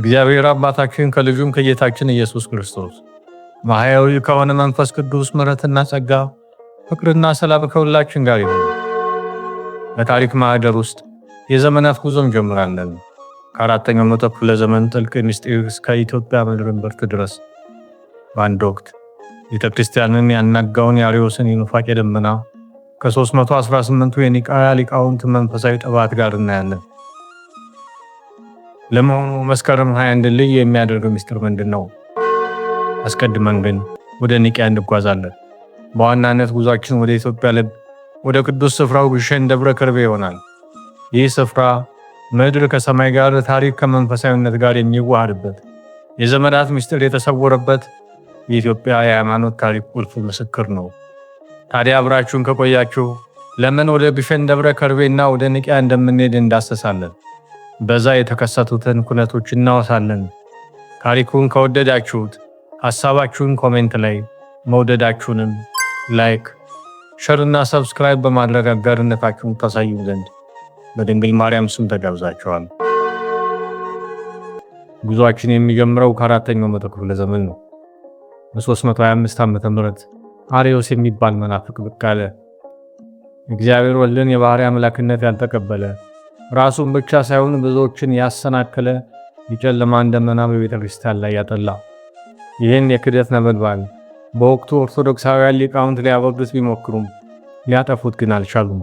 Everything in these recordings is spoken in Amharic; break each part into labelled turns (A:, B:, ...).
A: እግዚአብሔር አባታችን ከልጁም ከጌታችን ኢየሱስ ክርስቶስ ማህያዊ ከሆነ መንፈስ ቅዱስ ምሕረትና ጸጋ ፍቅርና ሰላም ከሁላችን ጋር ይሁን። በታሪክ ማህደር ውስጥ የዘመናት ጉዞ እንጀምራለን። ከአራተኛው መቶ ክፍለ ዘመን ጥልቅ ምስጢር እስከ ኢትዮጵያ ምድር እምብርት ድረስ። በአንድ ወቅት ቤተ ክርስቲያንን ያናጋውን የአርዮስን የኑፋቄ ደመና ከ318ቱ የኒቃያ ሊቃውንት መንፈሳዊ ጠባት ጋር እናያለን። ለመሆኑ መስከረም 21 ልዩ የሚያደርገው ምስጢር ምንድን ነው? አስቀድመን ግን ወደ ኒቅያ እንጓዛለን። በዋናነት ጉዟችን ወደ ኢትዮጵያ ልብ ወደ ቅዱስ ስፍራው ግሸን ደብረ ከርቤ ይሆናል። ይህ ስፍራ ምድር ከሰማይ ጋር፣ ታሪክ ከመንፈሳዊነት ጋር የሚዋሃድበት፣ የዘመናት ምስጢር የተሰወረበት፣ የኢትዮጵያ የሃይማኖት ታሪክ ቁልፍ ምስክር ነው። ታዲያ አብራችሁን ከቆያችሁ ለምን ወደ ግሸን ደብረ ከርቤና ወደ ንቅያ እንደምንሄድ እንዳሰሳለን። በዛ የተከሰቱትን ኩነቶች እናወሳለን። ታሪኩን ከወደዳችሁት ሐሳባችሁን ኮሜንት ላይ መውደዳችሁንም ላይክ፣ ሸርና ሰብስክራይብ በማድረግ አጋርነታችሁን ታሳዩ ዘንድ በድንግል ማርያም ስም ተጋብዛችኋል። ጉዞአችን የሚጀምረው ከአራተኛው መቶ ክፍለ ዘመን ነው በ325 ም አሪዮስ የሚባል መናፍቅ ብቅ አለ። እግዚአብሔር ወልድን የባህሪ አምላክነት ያልተቀበለ ራሱን ብቻ ሳይሆን ብዙዎችን ያሰናከለ የጨለማ ደመና በቤተ ክርስቲያን ላይ ያጠላ ይህን የክደት ነበልባል በወቅቱ ኦርቶዶክሳውያን ሊቃውንት ሊያበርዱት ቢሞክሩም ሊያጠፉት ግን አልቻሉም።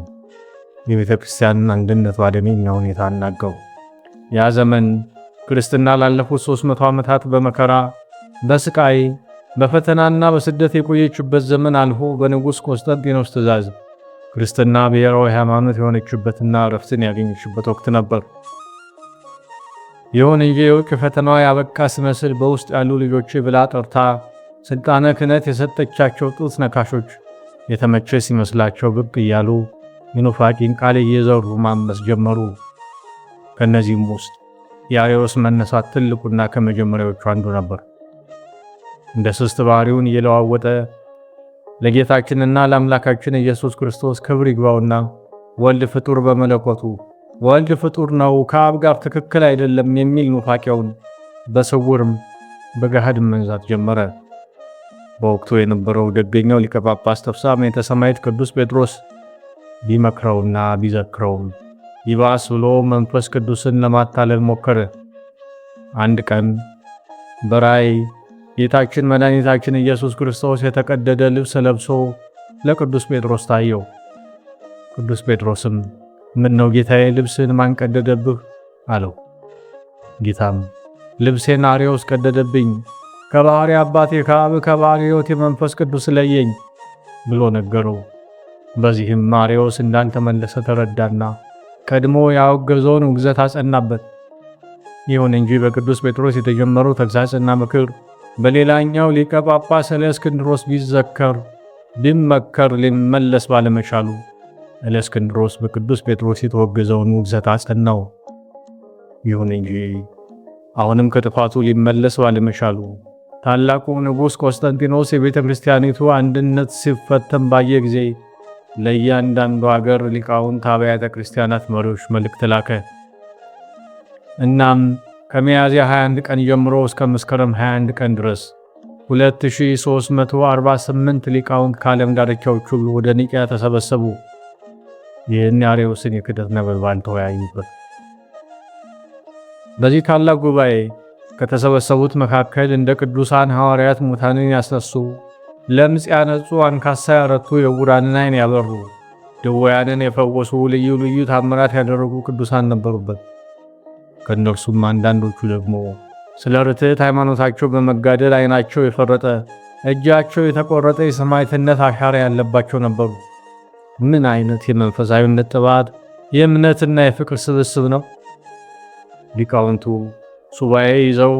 A: የቤተ ክርስቲያንን አንድነት ባደገኛ ሁኔታ አናገው። ያ ዘመን ክርስትና ላለፉት 300 ዓመታት በመከራ በስቃይ በፈተናና በስደት የቆየችበት ዘመን አልፎ በንጉሥ ቆስጠንጢኖስ ትእዛዝ ክርስትና ብሔራዊ ሃይማኖት የሆነችበትና ረፍትን ያገኘችበት ወቅት ነበር። ይሁን እንጂ የውጭ ፈተናዋ ያበቃ ስመስል በውስጥ ያሉ ልጆች ብላ ጠርታ ሥልጣነ ክህነት የሰጠቻቸው ጡት ነካሾች የተመቸ ሲመስላቸው ብቅ እያሉ የኑፋቂን ቃል እየዘሩ ማመስ ጀመሩ። ከእነዚህም ውስጥ የአርዮስ መነሳት ትልቁና ከመጀመሪያዎቹ አንዱ ነበር። እንደ ሶስት ባሕሪውን እየለዋወጠ ለጌታችንና ለአምላካችን ኢየሱስ ክርስቶስ ክብር ይግባውና ወልድ ፍጡር በመለኮቱ ወልድ ፍጡር ነው ከአብ ጋር ትክክል አይደለም የሚል ኑፋቄውን በስውርም በገሃድ መንዛት ጀመረ። በወቅቱ የነበረው ደገኛው ሊቀ ጳጳስ ተፍሳም የተሰማይት ቅዱስ ጴጥሮስ ቢመክረውና ቢዘክረውም ይባስ ብሎ መንፈስ ቅዱስን ለማታለል ሞከረ። አንድ ቀን በራእይ ጌታችን መድኃኒታችን ኢየሱስ ክርስቶስ የተቀደደ ልብስ ለብሶ ለቅዱስ ጴጥሮስ ታየው። ቅዱስ ጴጥሮስም ምን ነው ጌታዬ ልብስን ማን ቀደደብህ? አለው። ጌታም ልብሴን አርዮስ ቀደደብኝ፣ ከባህሪ አባቴ ከአብ ከባህሪ ሕይወት የመንፈስ ቅዱስ ለየኝ ብሎ ነገረው። በዚህም አርዮስ እንዳልተመለሰ ተረዳና ቀድሞ ያወገዘውን ውግዘት አጸናበት። ይሁን እንጂ በቅዱስ ጴጥሮስ የተጀመረው ተግዛጽና ምክር በሌላኛው ሊቀ ጳጳስ እለእስክንድሮስ ቢዘከር ቢመከር ሊመለስ ባለመቻሉ እለእስክንድሮስ በቅዱስ ጴጥሮስ የተወገዘውን ውግዘት አጸናው። ይሁን እንጂ አሁንም ከጥፋቱ ሊመለስ ባለመቻሉ ታላቁ ንጉሥ ቆስጠንጢኖስ የቤተ ክርስቲያኒቱ አንድነት ሲፈተን ባየ ጊዜ ለእያንዳንዱ አገር ሊቃውንት አብያተ ክርስቲያናት መሪዎች መልእክት ላከ። እናም ከሚያዝያ 21 ቀን ጀምሮ እስከ መስከረም 21 ቀን ድረስ 2348 ሊቃውንት ከዓለም ዳርቻዎች ሁሉ ወደ ኒቅያ ተሰበሰቡ። ይህን የአርዮስን የክደት ነበልባል ተወያዩበት። በዚህ ታላቅ ጉባኤ ከተሰበሰቡት መካከል እንደ ቅዱሳን ሐዋርያት ሙታንን ያስነሱ፣ ለምጽ ያነጹ፣ አንካሳ ያረቱ፣ የዕውራንን ዓይን ያበሩ፣ ድውያንን የፈወሱ፣ ልዩ ልዩ ታምራት ያደረጉ ቅዱሳን ነበሩበት። ከእነርሱም አንዳንዶቹ ደግሞ ስለ ርትዕት ሃይማኖታቸው በመጋደል ዓይናቸው የፈረጠ እጃቸው የተቆረጠ የሰማዕትነት አሻራ ያለባቸው ነበሩ። ምን አይነት የመንፈሳዊነት ጥባት የእምነትና የፍቅር ስብስብ ነው! ሊቃውንቱ ሱባኤ ይዘው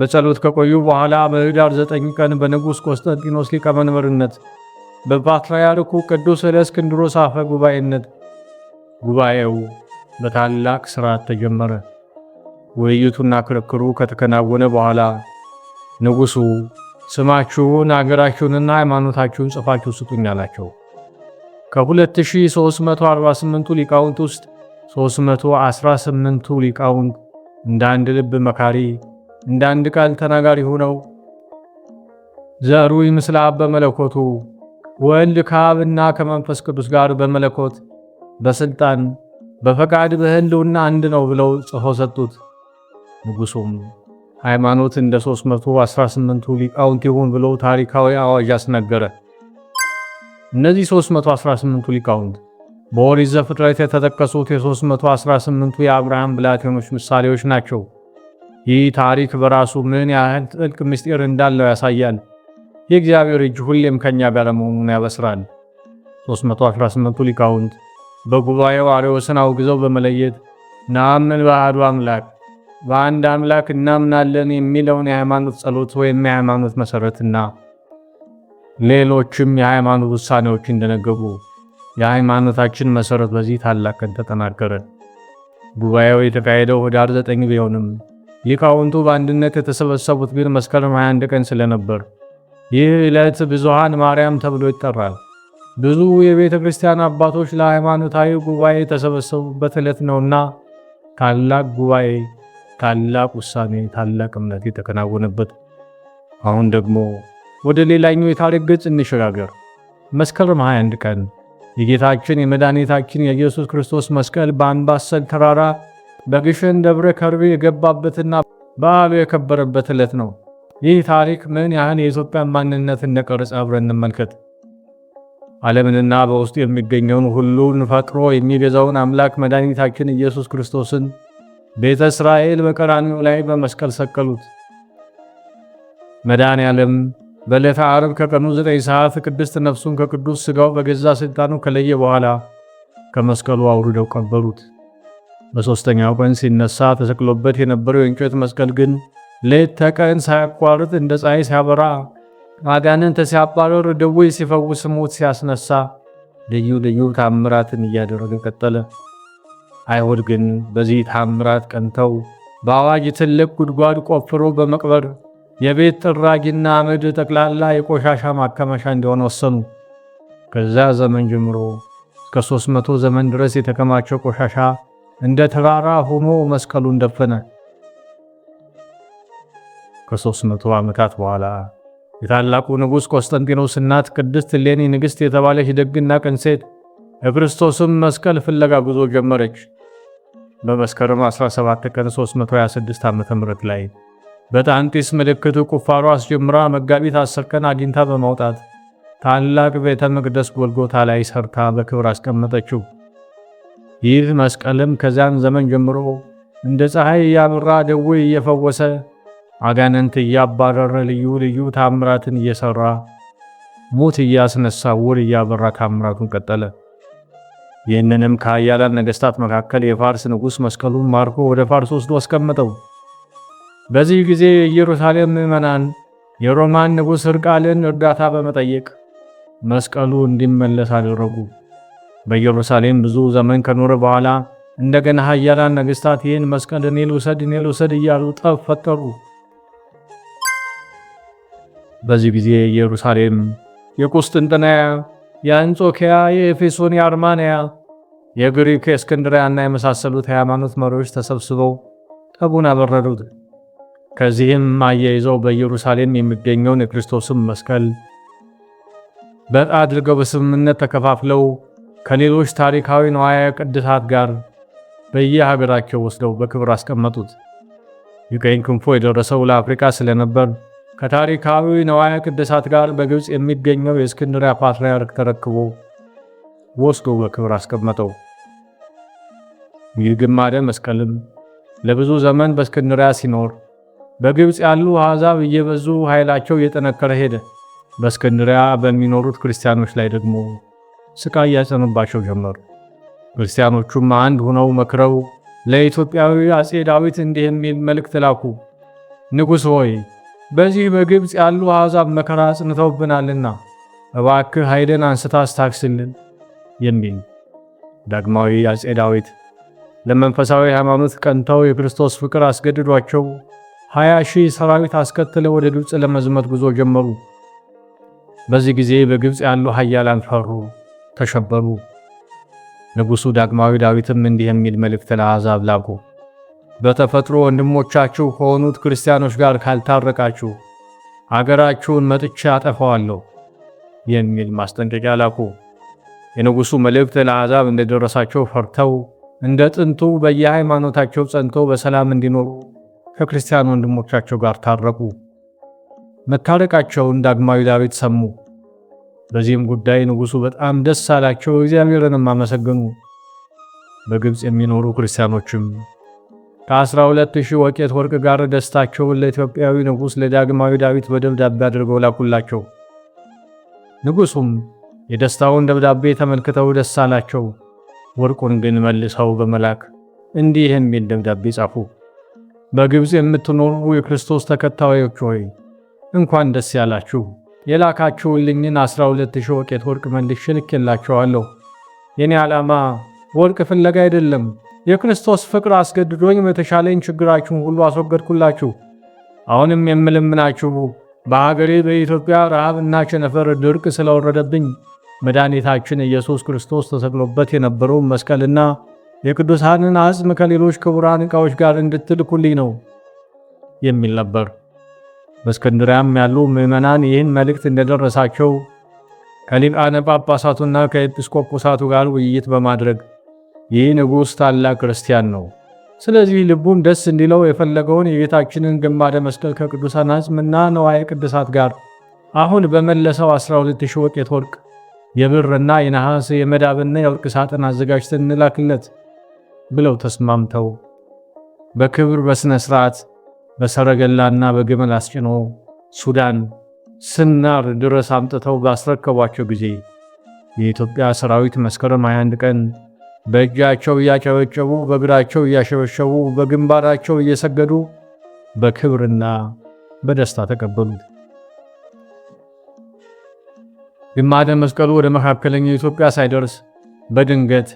A: በጸሎት ከቆዩ በኋላ በኅዳር ዘጠኝ ቀን በንጉሥ ቆስጠንጢኖስ ሊቀመንበርነት በፓትርያርኩ ቅዱስ እለእስክንድሮስ አፈ ጉባኤነት ጉባኤው በታላቅ ሥርዓት ተጀመረ። ውይይቱና ክርክሩ ከተከናወነ በኋላ ንጉሱ ስማችሁን አገራችሁንና ሃይማኖታችሁን ጽፋችሁ ስጡኝ አላቸው። 2348 ሊቃውንት ውስጥ 318ቱ ሊቃውንት እንደ አንድ ልብ መካሪ፣ እንደ አንድ ቃል ተናጋሪ ሆነው ዘሩይ ምስለ አብ በመለኮቱ ወልድ ከአብና ከመንፈስ ቅዱስ ጋር በመለኮት በስልጣን በፈቃድ በህልውና አንድ ነው ብለው ጽፎ ሰጡት። ንጉሶም ሃይማኖት እንደ 318ቱ ሊቃውንት ይሁን ብሎ ታሪካዊ አዋጅ አስነገረ። እነዚህ 318ቱ ሊቃውንት በኦሪት ዘፍጥረት የተጠቀሱት የ318ቱ የአብርሃም ብላቴኖች ምሳሌዎች ናቸው። ይህ ታሪክ በራሱ ምን ያህል ጥልቅ ምስጢር እንዳለው ያሳያል። የእግዚአብሔር እጅ ሁሌም ከኛ ጋር መሆኑን ያበስራል። 318ቱ ሊቃውንት በጉባኤው አርዮስን አውግዘው በመለየት ናምን በአሐዱ አምላክ በአንድ አምላክ እናምናለን የሚለውን የሃይማኖት ጸሎት ወይም የሃይማኖት መሰረትና ሌሎችም የሃይማኖት ውሳኔዎች እንደነገቡ የሃይማኖታችን መሠረት በዚህ ታላቅ ቀን ተጠናከረ። ጉባኤው የተካሄደው ህዳር 9 ቢሆንም ሊቃውንቱ በአንድነት የተሰበሰቡት ግን መስከረም 21 ቀን ስለነበር ይህ ዕለት ብዙሃን ማርያም ተብሎ ይጠራል። ብዙ የቤተ ክርስቲያን አባቶች ለሃይማኖታዊ ጉባኤ የተሰበሰቡበት ዕለት ነውና ታላቅ ጉባኤ ታላቅ ውሳኔ፣ ታላቅ እምነት የተከናወነበት። አሁን ደግሞ ወደ ሌላኛው የታሪክ ገጽ እንሸጋገር። መስከረም 21 ቀን የጌታችን የመድኃኒታችን የኢየሱስ ክርስቶስ መስቀል በአምባሰል ተራራ በግሸን ደብረ ከርቤ የገባበትና በዓሉ የከበረበት ዕለት ነው። ይህ ታሪክ ምን ያህል የኢትዮጵያን ማንነት እንደቀረጸ አብረን እንመልከት። ዓለምንና በውስጡ የሚገኘውን ሁሉን ፈጥሮ የሚገዛውን አምላክ መድኃኒታችን ኢየሱስ ክርስቶስን ቤተ እስራኤል በቀራንዮ ላይ በመስቀል ሰቀሉት። መድኃኔ ዓለም በዕለተ ዓርብ ከቀኑ ዘጠኝ ሰዓት ቅድስት ነፍሱን ከቅዱስ ሥጋው በገዛ ሥልጣኑ ከለየ በኋላ ከመስቀሉ አውርደው ቀበሩት። በሦስተኛው ቀን ሲነሳ ተሰቅሎበት የነበረው የእንጨት መስቀል ግን ሌት ተቀን ሳያቋርጥ እንደ ፀሐይ ሲያበራ፣ አጋንንት ሲያባረር፣ ደዌ ሲፈውስ፣ ሙት ሲያስነሳ ልዩ ልዩ ታምራትን እያደረገ ቀጠለ። አይሁድ ግን በዚህ ታምራት ቀንተው በአዋጅ ትልቅ ጉድጓድ ቆፍሮ በመቅበር የቤት ጥራጊና አመድ ጠቅላላ የቆሻሻ ማከማሻ እንዲሆን ወሰኑ። ከዛ ዘመን ጀምሮ እስከ 300 ዘመን ድረስ የተከማቸው ቆሻሻ እንደ ተራራ ሆኖ መስቀሉን ደፈነ። ከ300 ዓመታት በኋላ የታላቁ ንጉሥ ቆስጠንጢኖስ እናት ቅድስት እሌኒ ንግሥት የተባለች ደግና ቅን ሴት የክርስቶስም መስቀል ፍለጋ ጉዞ ጀመረች። በመስከረም 17 ቀን 326 ዓ ም ላይ በጣንጢስ ምልክቱ ቁፋሮ አስጀምራ መጋቢት 10 ቀን አግኝታ በማውጣት ታላቅ ቤተ መቅደስ ጎልጎታ ላይ ሰርታ በክብር አስቀመጠችው። ይህ መስቀልም ከዚያን ዘመን ጀምሮ እንደ ፀሐይ እያበራ ደዌ እየፈወሰ አጋንንት እያባረረ ልዩ ልዩ ታምራትን እየሰራ ሙት እያስነሳ ውር እያበራ ታምራቱን ቀጠለ። ይህንንም ከኃያላን ነገሥታት መካከል የፋርስ ንጉሥ መስቀሉን ማርኮ ወደ ፋርስ ወስዶ አስቀምጠው። በዚህ ጊዜ የኢየሩሳሌም ምዕመናን የሮማን ንጉሥ እርቃልን እርዳታ በመጠየቅ መስቀሉ እንዲመለስ አደረጉ። በኢየሩሳሌም ብዙ ዘመን ከኖረ በኋላ እንደገና ኃያላን ነገሥታት ይህን መስቀል እኔ ልውሰድ እኔ ልውሰድ እያሉ ጠብ ፈጠሩ። በዚህ ጊዜ ኢየሩሳሌም የቁስጥንጥንያ የአንጾኪያ፣ የኤፌሶን፣ የአርማንያ፣ የግሪክ፣ የእስክንድሪያና የመሳሰሉት ሃይማኖት መሪዎች ተሰብስበው ጠቡን አበረዱት። ከዚህም አያይዘው በኢየሩሳሌም የሚገኘውን የክርስቶስን መስቀል በጣ አድርገው በስምምነት ተከፋፍለው ከሌሎች ታሪካዊ ነዋያ ቅድሳት ጋር በየሀገራቸው ወስደው በክብር አስቀመጡት። የቀኝ ክንፎ የደረሰው ለአፍሪካ ስለነበር ከታሪካዊ ነዋያ ቅድሳት ጋር በግብፅ የሚገኘው የእስክንድሪያ ፓትርያርክ ተረክቦ ወስዶ በክብር አስቀመጠው። ይህ ግማደ መስቀልም ለብዙ ዘመን በእስክንድሪያ ሲኖር በግብፅ ያሉ አሕዛብ እየበዙ ኃይላቸው እየጠነከረ ሄደ። በእስክንድሪያ በሚኖሩት ክርስቲያኖች ላይ ደግሞ ስቃይ እያጸኑባቸው ጀመሩ። ክርስቲያኖቹም አንድ ሆነው መክረው ለኢትዮጵያዊ አጼ ዳዊት እንዲህ የሚል መልእክት ላኩ። ንጉሥ ሆይ በዚህ በግብፅ ያሉ አሕዛብ መከራ ጽንተውብናልና እባክህ ኃይልን አንስታ አስታክስልን የሚል ዳግማዊ አፄ ዳዊት ለመንፈሳዊ ሃይማኖት ቀንተው የክርስቶስ ፍቅር አስገድዷቸው ሀያ ሺህ ሰራዊት አስከትለው ወደ ግብፅ ለመዝመት ጉዞ ጀመሩ። በዚህ ጊዜ በግብፅ ያሉ ሀያላን ፈሩ፣ ተሸበሩ። ንጉሡ ዳግማዊ ዳዊትም እንዲህ የሚል መልእክት ለአሕዛብ ላኩ። በተፈጥሮ ወንድሞቻችሁ ከሆኑት ክርስቲያኖች ጋር ካልታረቃችሁ አገራችሁን መጥቼ አጠፋዋለሁ የሚል ማስጠንቀቂያ ላኩ። የንጉሱ መልእክት ለአሕዛብ እንደደረሳቸው ፈርተው እንደ ጥንቱ በየሃይማኖታቸው ጸንተው በሰላም እንዲኖሩ ከክርስቲያን ወንድሞቻቸው ጋር ታረቁ። መታረቃቸውን ዳግማዊ ዳዊት ሰሙ። በዚህም ጉዳይ ንጉሱ በጣም ደስ አላቸው፣ እግዚአብሔርንም አመሰገኑ። በግብፅ የሚኖሩ ክርስቲያኖችም ከ12 ሺህ ወቄት ወርቅ ጋር ደስታቸውን ለኢትዮጵያዊ ንጉሥ ለዳግማዊ ዳዊት በደብዳቤ አድርገው ላኩላቸው። ንጉሡም የደስታውን ደብዳቤ ተመልክተው ደስ አላቸው። ወርቁን ግን መልሰው በመላክ እንዲህ የሚል ደብዳቤ ጻፉ። በግብፅ የምትኖሩ የክርስቶስ ተከታዮች ሆይ እንኳን ደስ ያላችሁ። የላካችሁልኝን 12 ሺህ ወቄት ወርቅ መልሼ ልኬላችኋለሁ። የኔ ዓላማ ወርቅ ፍለጋ አይደለም የክርስቶስ ፍቅር አስገድዶኝ በተሻለኝ ችግራችሁን ሁሉ አስወገድኩላችሁ። አሁንም የምለምናችሁ በአገሬ በኢትዮጵያ ረሃብና ቸነፈር ድርቅ ስለወረደብኝ መድኃኒታችን ኢየሱስ ክርስቶስ ተሰቅሎበት የነበረው መስቀልና የቅዱሳንን አጽም ከሌሎች ክቡራን ዕቃዎች ጋር እንድትልኩልኝ ነው የሚል ነበር። በእስክንድሪያም ያሉ ምዕመናን ይህን መልእክት እንደደረሳቸው ከሊቃነ ጳጳሳቱና ከኤጲስቆጶሳቱ ጋር ውይይት በማድረግ ይህ ንጉሥ ታላቅ ክርስቲያን ነው። ስለዚህ ልቡም ደስ እንዲለው የፈለገውን የቤታችንን ግማደ መስቀል ከቅዱሳን አጽምና ነዋየ ቅድሳት ጋር አሁን በመለሰው 12 ሺህ ወቄት ወርቅ የብርና የነሐስ የመዳብና የወርቅ ሳጥን አዘጋጅተን እንላክለት ብለው ተስማምተው በክብር በሥነ ሥርዓት በሰረገላና በግመል አስጭኖ ሱዳን ስናር ድረስ አምጥተው ባስረከቧቸው ጊዜ የኢትዮጵያ ሰራዊት መስከረም 21 ቀን በእጃቸው እያጨበጨቡ በእግራቸው እያሸበሸቡ በግንባራቸው እየሰገዱ በክብርና በደስታ ተቀበሉት። ግማደ መስቀሉ ወደ መካከለኛው ኢትዮጵያ ሳይደርስ በድንገት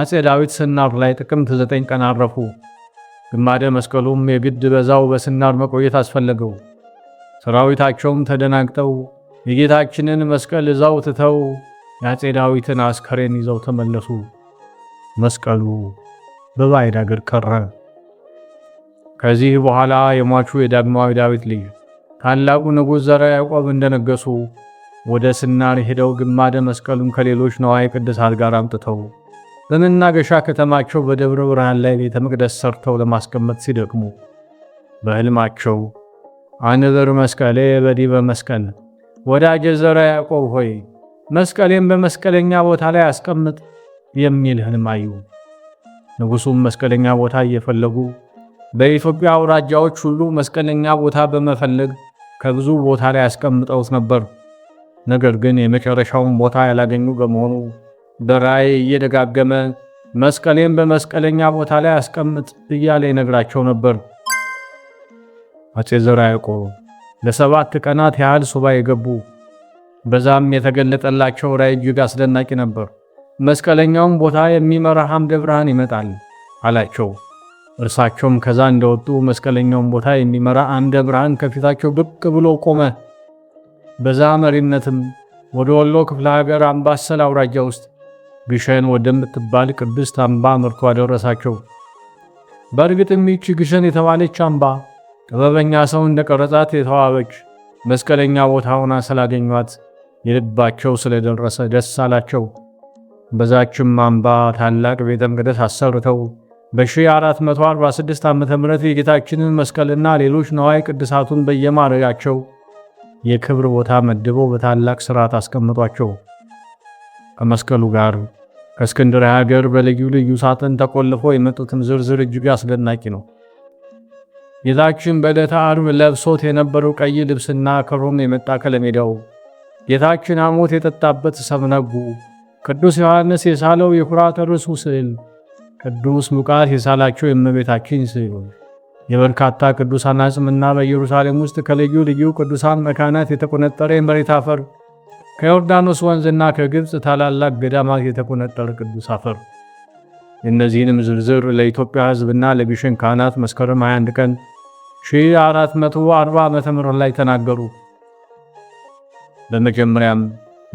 A: አፄ ዳዊት ስናር ላይ ጥቅምት ዘጠኝ ቀን አረፉ። ግማደ መስቀሉም የግድ በዛው በስናር መቆየት አስፈለገው። ሰራዊታቸውም ተደናግጠው የጌታችንን መስቀል እዛው ትተው የአፄ ዳዊትን አስከሬን ይዘው ተመለሱ። መስቀሉ በባዕድ አገር ቀረ። ከዚህ በኋላ የሟቹ የዳግማዊ ዳዊት ልጅ ታላቁ ንጉሥ ዘረ ያዕቆብ እንደነገሱ ወደ ስናር ሄደው ግማደ መስቀሉን ከሌሎች ነዋየ ቅድሳት ጋር አምጥተው በመናገሻ ከተማቸው በደብረ ብርሃን ላይ ቤተ መቅደስ ሰርተው ለማስቀመጥ ሲደክሙ በሕልማቸው አንብር መስቀሌ በዲበ መስቀል ወዳጄ ዘረ ያዕቆብ ሆይ መስቀሌን በመስቀለኛ ቦታ ላይ አስቀምጥ የሚል ህልም አዩ። መስቀለኛ ቦታ እየፈለጉ በኢትዮጵያ አውራጃዎች ሁሉ መስቀለኛ ቦታ በመፈለግ ከብዙ ቦታ ላይ አስቀምጠውት ነበር። ነገር ግን የመጨረሻውን ቦታ ያላገኙ በመሆኑ በራእይ እየደጋገመ መስቀሌን በመስቀለኛ ቦታ ላይ አስቀምጥ እያለ ይነግራቸው ነበር። አፄ ዘርዓ ያዕቆብ ለሰባት ቀናት ያህል ሱባ የገቡ በዛም የተገለጠላቸው ራእይ እጅግ አስደናቂ ነበር። መስቀለኛውን ቦታ የሚመራ ሐምደ ብርሃን ይመጣል አላቸው። እርሳቸውም ከዛ እንደወጡ መስቀለኛውን ቦታ የሚመራ አምደ ብርሃን ከፊታቸው ብቅ ብሎ ቆመ። በዛ መሪነትም ወደ ወሎ ክፍለ ሀገር አምባሰል አውራጃ ውስጥ ግሸን ወደምትባል ቅድስት አምባ መርቶ አደረሳቸው። በእርግጥም ይቺ ግሸን የተባለች አምባ ጥበበኛ ሰው እንደ ቀረጻት የተዋበች መስቀለኛ ቦታ ሆና ስላገኟት የልባቸው ስለደረሰ ደስ አላቸው። በዛችም አምባ ታላቅ ቤተ መቅደስ አሰርተው በ1446 ዓ ም የጌታችንን መስቀልና ሌሎች ነዋይ ቅድሳቱን በየማረጋቸው የክብር ቦታ መድበው በታላቅ ሥርዓት አስቀምጧቸው። ከመስቀሉ ጋር ከእስክንድር ሀገር በልዩ ልዩ ሳጥን ተቆልፎ የመጡትም ዝርዝር እጅግ አስደናቂ ነው። ጌታችን በዕለተ ዓርብ ለብሶት የነበረው ቀይ ልብስና ከሮም የመጣ ከለሜዳው ጌታችን አሞት የጠጣበት ሰብነጉ ቅዱስ ዮሐንስ የሳለው የኩራተ ርሱ ስዕል፣ ቅዱስ ሉቃስ የሳላቸው የእመቤታችን ስዕል የበርካታ ቅዱሳን አጽምና በኢየሩሳሌም ውስጥ ከልዩ ልዩ ቅዱሳን መካናት የተቆነጠረ የመሬት አፈር ከዮርዳኖስ ወንዝና ከግብፅ ታላላቅ ገዳማት የተቆነጠረ ቅዱስ አፈር። የእነዚህንም ዝርዝር ለኢትዮጵያ ሕዝብና ለግሽን ካህናት መስከረም 21 ቀን 1440 ዓ.ም ላይ ተናገሩ። በመጀመሪያም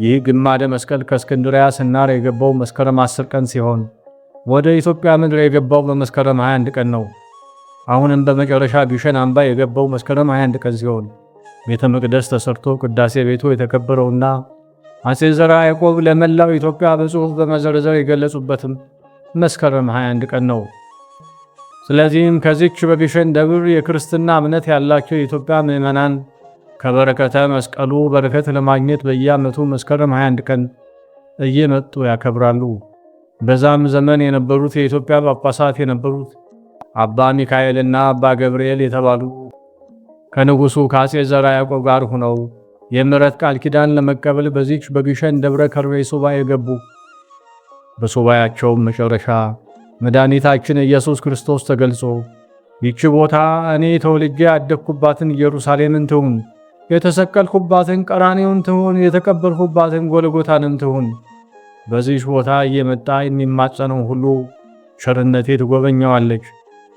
A: ይህ ግማደ መስቀል ከእስክንድሪያ ስናር የገባው መስከረም 10 ቀን ሲሆን ወደ ኢትዮጵያ ምድር የገባው በመስከረም 21 ቀን ነው። አሁንም በመጨረሻ ቢሸን አምባ የገባው መስከረም 21 ቀን ሲሆን ቤተ መቅደስ ተሰርቶ ቅዳሴ ቤቱ የተከበረውና አጼ ዘርዓ ያዕቆብ ለመላው ኢትዮጵያ በጽሑፍ በመዘርዘር የገለጹበትም መስከረም 21 ቀን ነው። ስለዚህም ከዚች በቢሸን ደብር የክርስትና እምነት ያላቸው የኢትዮጵያ ምዕመናን ከበረከተ መስቀሉ በረከት ለማግኘት በየዓመቱ መስከረም 21 ቀን እየመጡ ያከብራሉ። በዛም ዘመን የነበሩት የኢትዮጵያ ጳጳሳት የነበሩት አባ ሚካኤልና አባ ገብርኤል የተባሉ ከንጉሡ ከአጼ ዘርዓ ያዕቆብ ጋር ሆነው የምሕረት ቃል ኪዳን ለመቀበል በዚች በግሸን ደብረ ከርቤ ሱባኤ የገቡ በሱባኤያቸውም መጨረሻ መድኃኒታችን ኢየሱስ ክርስቶስ ተገልጾ ይቺ ቦታ እኔ ተወልጄ ያደግኩባትን ኢየሩሳሌምን ትሁን የተሰቀልኩባትን ቀራኔውን ትሁን፣ የተቀበልኩባትን ጎልጎታንም ትሁን። በዚህ ቦታ እየመጣ የሚማጸነው ሁሉ ቸርነቴ ትጎበኘዋለች።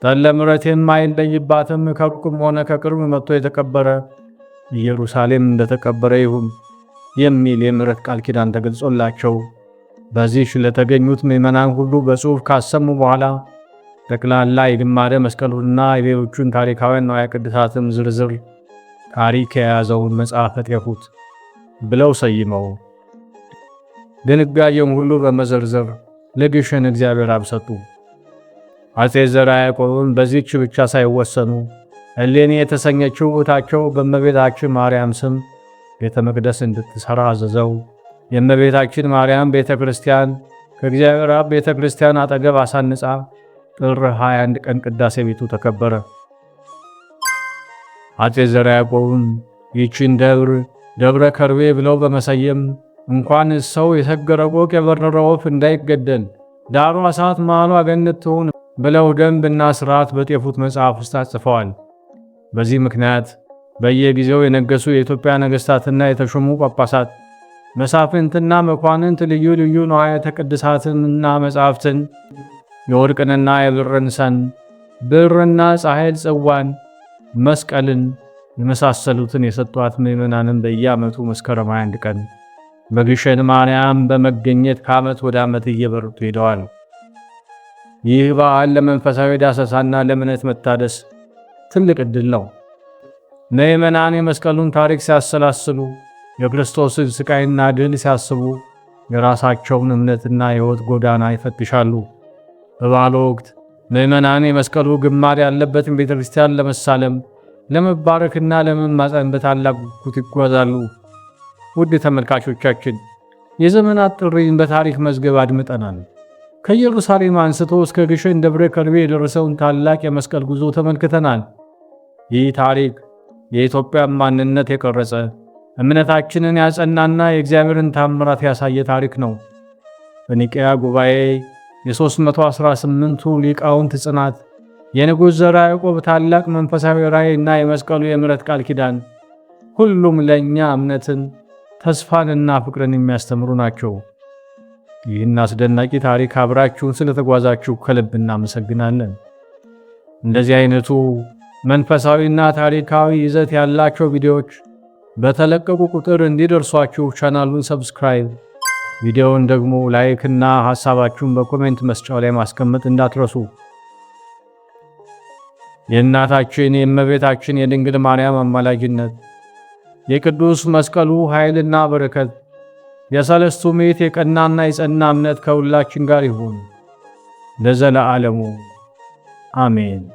A: ጠለ ምሕረቴም ለይባትም ከሩቅም ሆነ ከቅርብ መጥቶ የተቀበረ ኢየሩሳሌም እንደተቀበረ ይሁን የሚል የምረት ቃል ኪዳን ተገልጾላቸው በዚህ ለተገኙት ምዕመናን ሁሉ በጽሑፍ ካሰሙ በኋላ ጠቅላላ የግማደ መስቀሉንና የሌሎቹን ታሪካውያን ንዋየ ቅድሳትም ዝርዝር ታሪክ የያዘውን መጽሐፈ ጤፉት ብለው ሰይመው ድንጋጌውን ሁሉ በመዘርዘር ንግሽን እግዚአብሔር አብሰጡ። አጼ ዘርዓ ያዕቆብም በዚህች ብቻ ሳይወሰኑ እሌኒ የተሰኘችው ውታቸው በእመቤታችን ማርያም ስም ቤተ መቅደስ እንድትሠራ አዘዘው። የእመቤታችን ማርያም ቤተ ክርስቲያን ከእግዚአብሔር አብ ቤተ ክርስቲያን አጠገብ አሳንጻ ጥር 21 ቀን ቅዳሴ ቤቱ ተከበረ። አጼ ዘርዓ ያዕቆብም ይቺን ደብር ደብረ ከርቤ ብለው በመሰየም እንኳን ሰው የሰገረ ቆቅ የበረረ ወፍ እንዳይገደል ዳሩ እሳት መሃሉ አገነት ትሆን ብለው ደንብና ሥርዓት በጤፉት መጽሐፍ ውስጥ አጽፈዋል። በዚህ ምክንያት በየጊዜው የነገሱ የኢትዮጵያ ነገሥታትና የተሾሙ ጳጳሳት መሳፍንትና መኳንንት ልዩ ልዩ ንዋያተ ቅድሳትንና መጻሕፍትን የወርቅንና የብርን ሰን ብርና ፀሐይ ጽዋን መስቀልን የመሳሰሉትን የሰጧት ምዕመናንን በየዓመቱ መስከረም አንድ ቀን በግሸን ማርያም በመገኘት ከዓመት ወደ ዓመት እየበረቱ ሄደዋል። ይህ በዓል ለመንፈሳዊ ዳሰሳና ለእምነት መታደስ ትልቅ ዕድል ነው። ምዕመናን የመስቀሉን ታሪክ ሲያሰላስሉ፣ የክርስቶስን ሥቃይና ድል ሲያስቡ የራሳቸውን እምነትና የሕይወት ጎዳና ይፈትሻሉ። በበዓሉ ወቅት ምዕመናን የመስቀሉ ግማር ያለበትን ቤተ ክርስቲያን ለመሳለም ለመባረክና ለመማፀን በታላቅ ጉጉት ይጓዛሉ። ውድ ተመልካቾቻችን የዘመናት ጥሪን በታሪክ መዝገብ አድምጠናል። ከኢየሩሳሌም አንስቶ እስከ ግሸን ደብረ ከርቤ የደረሰውን ታላቅ የመስቀል ጉዞ ተመልክተናል። ይህ ታሪክ የኢትዮጵያን ማንነት የቀረጸ እምነታችንን ያጸናና የእግዚአብሔርን ታምራት ያሳየ ታሪክ ነው። በኒቅያ ጉባኤ የ318ቱ ሊቃውንት ጽናት፣ የንጉሥ ዘርዓ ያዕቆብ ታላቅ መንፈሳዊ ራእይ እና የመስቀሉ የምሕረት ቃል ኪዳን ሁሉም ለእኛ እምነትን ተስፋንና ፍቅርን የሚያስተምሩ ናቸው። ይህን አስደናቂ ታሪክ አብራችሁን ስለተጓዛችሁ ከልብ እናመሰግናለን። እንደዚህ አይነቱ መንፈሳዊና ታሪካዊ ይዘት ያላቸው ቪዲዮዎች በተለቀቁ ቁጥር እንዲደርሷችሁ ቻናሉን ሰብስክራይብ ቪዲዮውን ደግሞ ላይክ እና ሀሳባችሁን በኮሜንት መስጫው ላይ ማስቀመጥ እንዳትረሱ። የእናታችን የእመቤታችን የድንግል ማርያም አማላጅነት፣ የቅዱስ መስቀሉ ኃይልና በረከት፣ የሰለስቱ ምዕት የቀናና የጸና እምነት ከሁላችን ጋር ይሁን ለዘለዓለሙ አሜን።